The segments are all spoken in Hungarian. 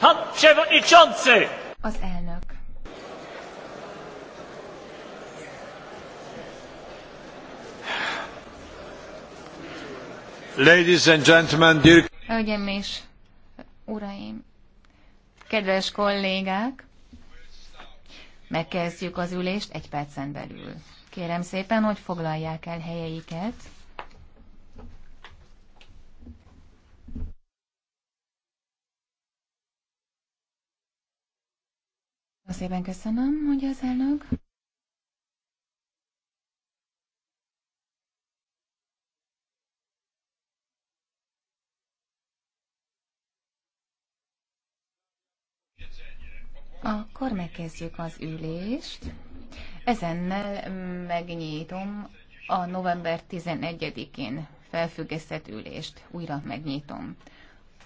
Az elnök. Ladies and gentlemen, dear... Hölgyeim és uraim, kedves kollégák, megkezdjük az ülést egy percen belül. Kérem szépen, hogy foglalják el helyeiket. Szépen köszönöm, mondja az elnök. Akkor megkezdjük az ülést. Ezennel megnyitom a november 11-én felfüggesztett ülést. Újra megnyitom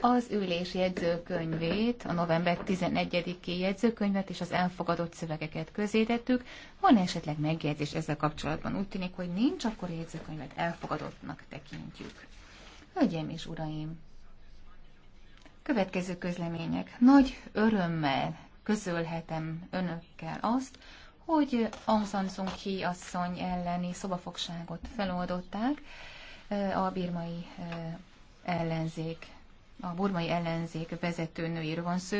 az ülés jegyzőkönyvét, a november 11-i jegyzőkönyvet és az elfogadott szövegeket tettük. Van esetleg megjegyzés ezzel kapcsolatban? Úgy tűnik, hogy nincs, akkor a jegyzőkönyvet elfogadottnak tekintjük. Hölgyeim és uraim! Következő közlemények. Nagy örömmel közölhetem önökkel azt, hogy Aung San Suu Kyi asszony elleni szobafogságot feloldották eh, a birmai eh, ellenzék a burmai ellenzék vezetőnőiről van szó.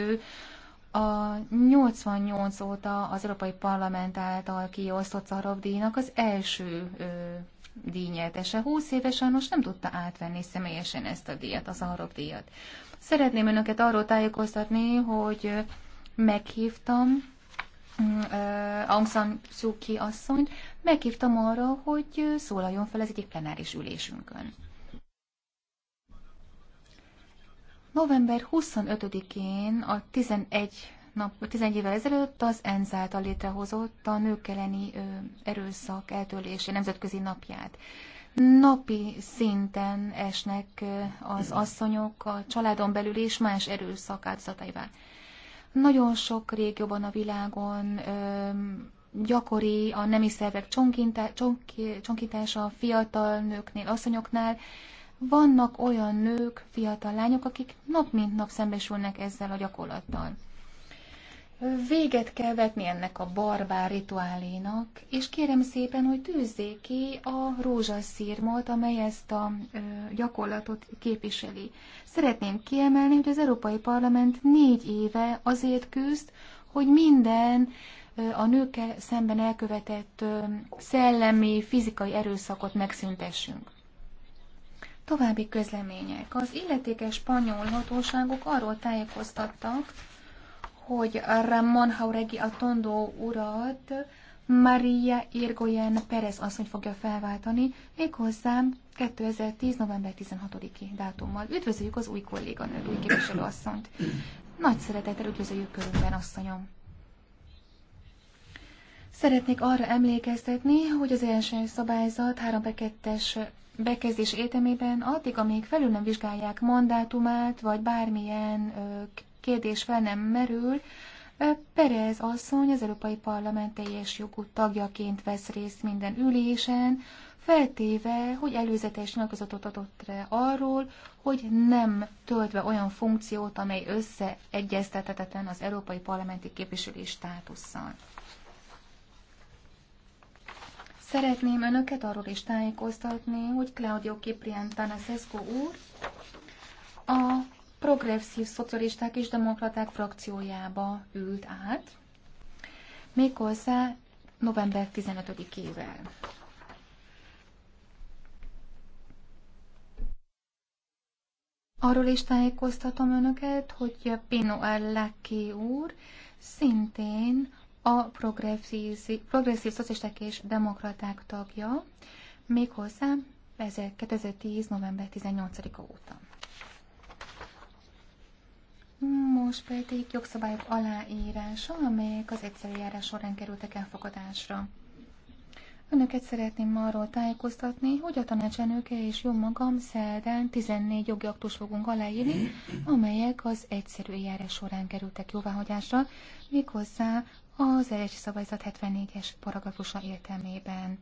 A 88 óta az Európai Parlament által kiosztott Szarabdíjnak díjnak az első ö, díjnyertese. 20 éves sajnos nem tudta átvenni személyesen ezt a díjat, az Szarab díjat. Szeretném önöket arról tájékoztatni, hogy meghívtam Aung San Suu Kyi asszonyt, meghívtam arra, hogy szólaljon fel az egyik plenáris ülésünkön. November 25-én a 11 nap, 11 évvel ezelőtt az ENSZ által létrehozott a nők elleni erőszak eltörlése nemzetközi napját. Napi szinten esnek az asszonyok a családon belül és más erőszak áldozataival. Nagyon sok régióban a világon gyakori a nemi szervek csonkítása a fiatal nőknél, asszonyoknál, vannak olyan nők, fiatal lányok, akik nap mint nap szembesülnek ezzel a gyakorlattal. Véget kell vetni ennek a barbár rituálénak, és kérem szépen, hogy tűzzék ki a rózsaszírmot, amely ezt a ö, gyakorlatot képviseli. Szeretném kiemelni, hogy az Európai Parlament négy éve azért küzd, hogy minden ö, a nőkkel szemben elkövetett ö, szellemi, fizikai erőszakot megszüntessünk. További közlemények. Az illetékes spanyol hatóságok arról tájékoztattak, hogy Ramon Hauregi a Tondó urat Maria Irgoyen Perez asszony fogja felváltani, méghozzá 2010. november 16-i dátummal. Üdvözöljük az új kolléganőt, új képviselőasszonyt. Nagy szeretettel üdvözöljük körünkben, asszonyom. Szeretnék arra emlékeztetni, hogy az első szabályzat 3 2-es bekezdés étemében, addig, amíg felül nem vizsgálják mandátumát, vagy bármilyen kérdés fel nem merül, Perez asszony az Európai Parlament teljes jogú tagjaként vesz részt minden ülésen, feltéve, hogy előzetes nyilatkozatot adott rá arról, hogy nem töltve olyan funkciót, amely összeegyeztethetetlen az Európai Parlamenti képviselés státusszal. Szeretném önöket arról is tájékoztatni, hogy Claudio Kiprian Tanaszeszko úr a progresszív szocialisták és demokraták frakciójába ült át, méghozzá november 15-ével. Arról is tájékoztatom önöket, hogy Pino Ellaki úr szintén a progresszív, progresszív szocialisták és demokraták tagja, méghozzá 2010. november 18-a óta. Most pedig jogszabályok aláírása, amelyek az egyszerű járás során kerültek elfogadásra. Önöket szeretném arról tájékoztatni, hogy a tanácsenőke és jó magam szerdán 14 jogi aktus fogunk aláírni, amelyek az egyszerű eljárás során kerültek jóváhagyásra, méghozzá az eredeti szabályzat 74-es paragrafusa értelmében.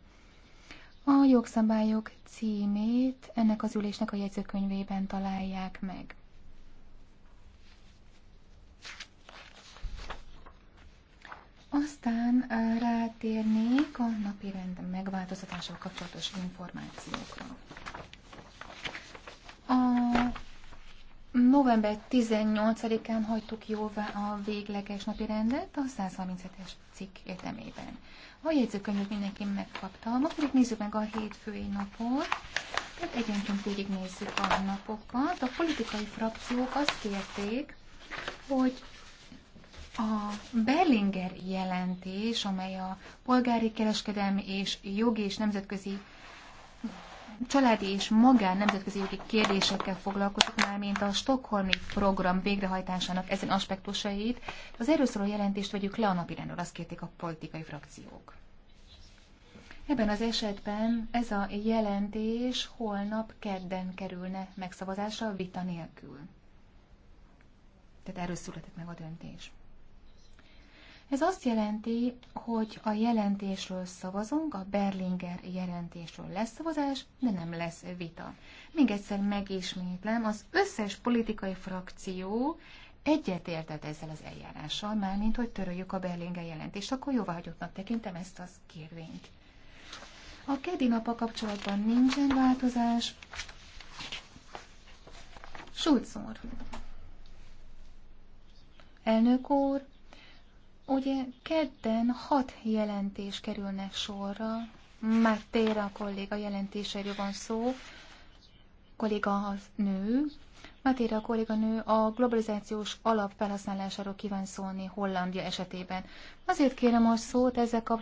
A jogszabályok címét ennek az ülésnek a jegyzőkönyvében találják meg. Aztán rátérnék a napi rend megváltoztatással kapcsolatos információkra. November 18-án hagytuk jóvá a végleges napi rendet a 137-es cikk értelmében. A jegyzőkönyvet mindenki megkapta, ma pedig nézzük meg a hétfői napot. Tehát egyenként végignézzük a napokat. A politikai frakciók azt kérték, hogy a Berlinger jelentés, amely a polgári kereskedelmi és jogi és nemzetközi családi és magán nemzetközi jogi kérdésekkel foglalkozik már, mint a Stockholmi program végrehajtásának ezen aspektusait. Az erről szóló jelentést vegyük le a napirendről, azt kérték a politikai frakciók. Ebben az esetben ez a jelentés holnap kedden kerülne megszavazásra vita nélkül. Tehát erről született meg a döntés. Ez azt jelenti, hogy a jelentésről szavazunk, a Berlinger jelentésről lesz szavazás, de nem lesz vita. Még egyszer megismétlem, az összes politikai frakció egyetértett ezzel az eljárással, mármint, hogy töröljük a Berlinger jelentést, akkor jóváhagyottnak tekintem ezt az kérvényt. A keddi a kapcsolatban nincsen változás. Schulz úr. Elnök úr, Ugye kedden hat jelentés kerülnek sorra, már Téra kolléga jelentéséről van szó, kolléga az nő, Matéra a kolléganő a globalizációs alap felhasználásáról kíván szólni Hollandia esetében. Azért kérem a szót ezzel kapcsolatban,